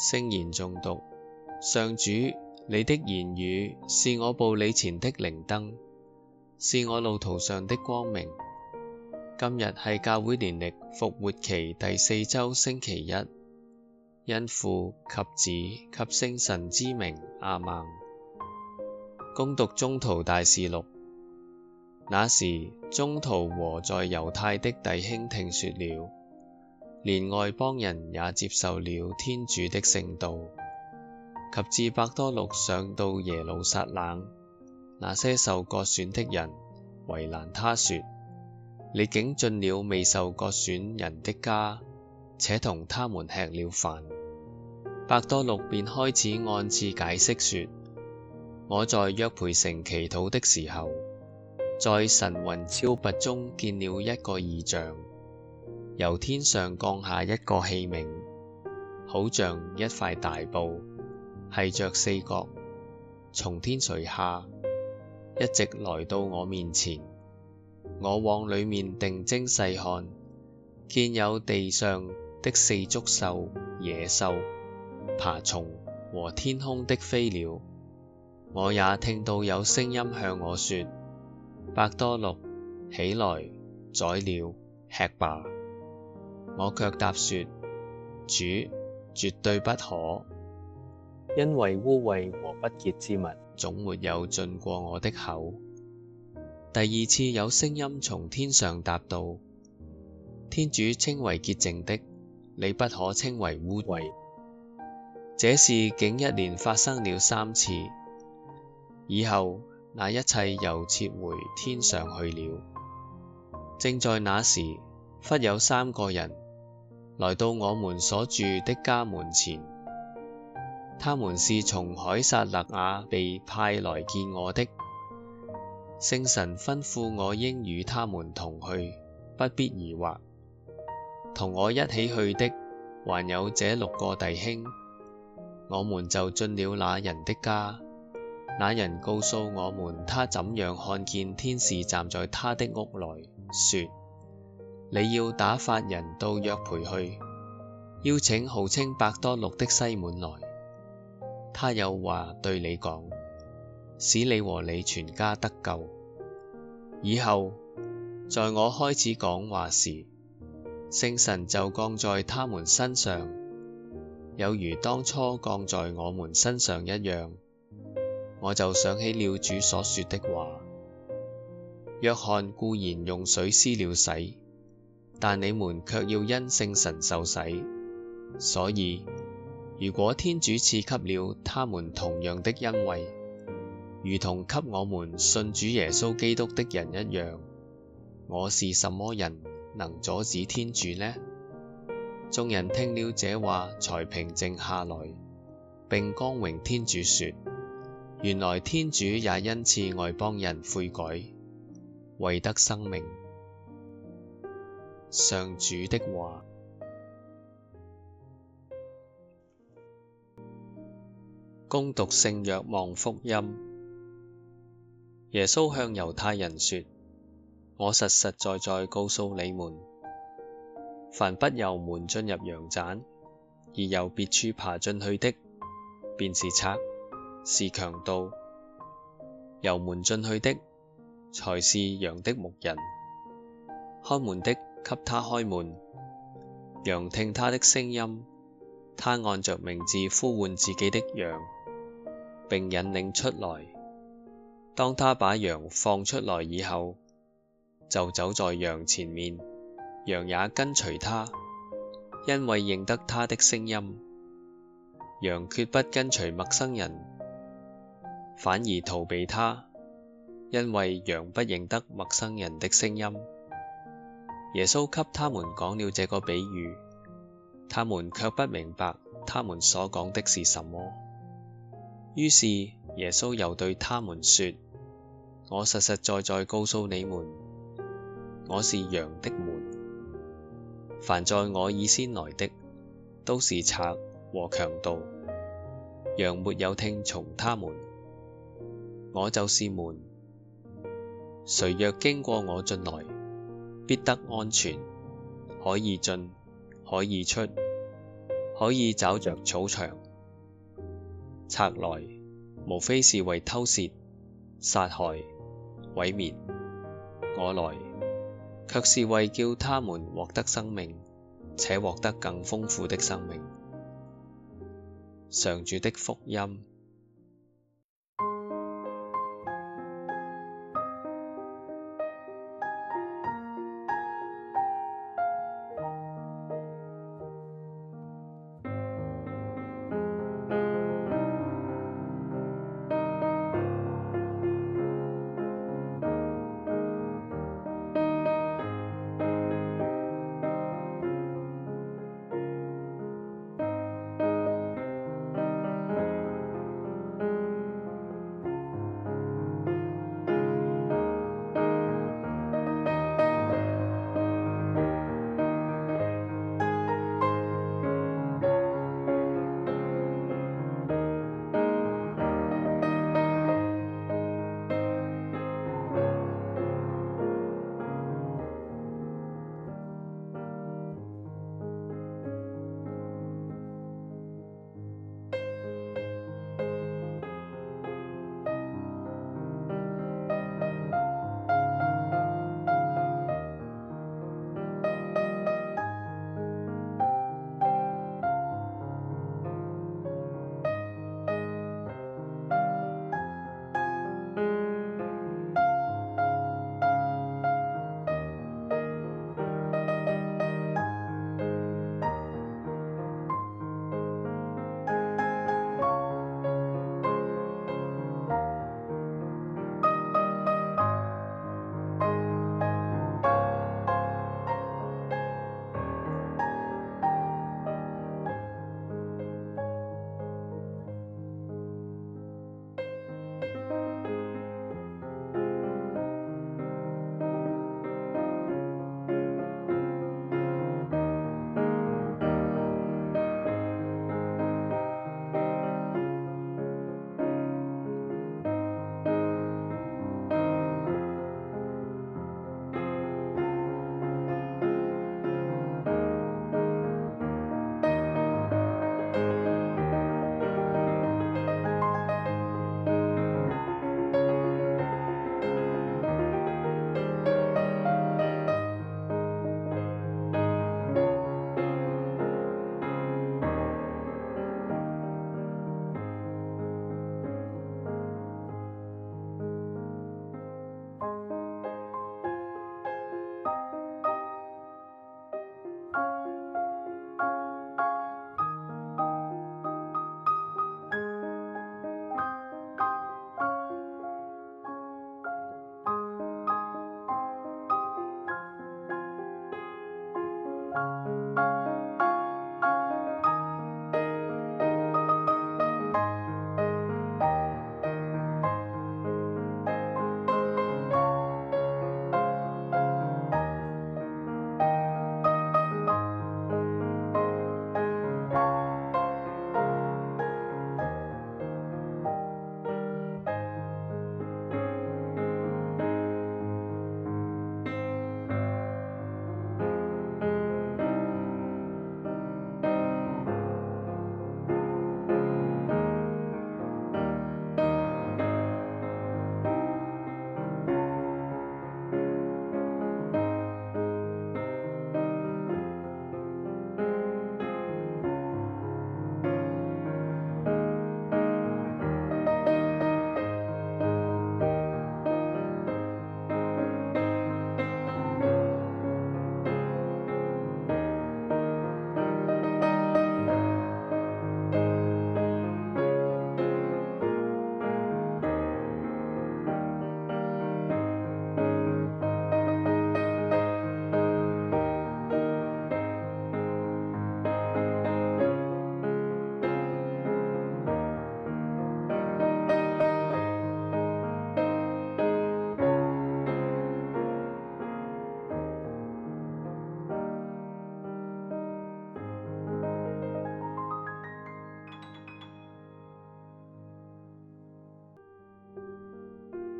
聖言誦讀。上主，你的言語是我步履前的靈燈，是我路途上的光明。今日係教會年曆復活期第四周星期一，因父及子及聖神之名阿孟。恭讀宗徒大事錄。那時，宗徒和在猶太的弟兄聽說了。連外邦人也接受了天主的聖道，及至伯多祿上到耶路撒冷，那些受割損的人為難他，說：你竟進了未受割損人的家，且同他們吃了飯。伯多祿便開始按次解釋說：我在約培城祈禱的時候，在神魂超拔中見了一個異象。由天上降下一個器皿，好像一塊大布，繫著四角，從天縋下，一直來到我面前。我往裡面定睛細看，見有地上的四足獸、野獸、爬蟲和天空的飛鳥。我也聽到有聲音向我說：伯多祿，起來，宰了，吃吧。我卻答說：主，絕對不可，因為污穢和不潔之物總沒有進過我的口。第二次有聲音從天上答道：天主稱為潔淨的，你不可稱為污穢。這事竟一連發生了三次。以後，那一切又撤回天上去了。正在那時，忽有三個人。來到我們所住的家門前，他們是從凱撒勒雅被派來見我的。聖神吩咐我應與他們同去，不必疑惑。同我一起去的，還有這六個弟兄，我們就進了那人的家。那人告訴我們他怎樣看見天使站在他的屋內，說。你要打發人到約培去，邀請號稱伯多祿的西滿來。他有話對你講，使你和你全家得救。以後在我開始講話時，聖神就降在他們身上，有如當初降在我們身上一樣。我就想起了主所說的話。若翰固然用水施了洗。但你們卻要因聖神受洗，所以如果天主賜給了他們同樣的恩惠，如同給我們信主耶穌基督的人一樣，我是什麼人能阻止天主呢？眾人聽了這話，才平靜下來，並光榮天主，說：原來天主也恩賜外邦人悔改，為得生命。上主的話，恭讀聖若望福音。耶穌向猶太人說：我實實在在告訴你們，凡不由門進入羊棧，而由別處爬進去的，便是賊，是強盜；由門進去的，才是羊的牧人，看門的，給他開門，羊聽他的聲音，他按着名字呼喚自己的羊，並引領出來。當他把羊放出來以後，就走在羊前面，羊也跟隨他，因為認得他的聲音。羊決不跟隨陌生人，反而逃避他，因為羊不認得陌生人的聲音。耶穌給他們講了這個比喻，他們卻不明白他們所講的是什麼。於是耶穌又對他們說：我實實在在告訴你們，我是羊的門。凡在我以先來的，都是賊和強盜。羊沒有聽從他們。我就是門。誰若經過我進來，必得安全，可以進，可以出，可以找着草場。賊來無非是為偷竊、殺害、毀滅；我來卻是為叫他們獲得生命，且獲得更豐富的生命。上主的福音。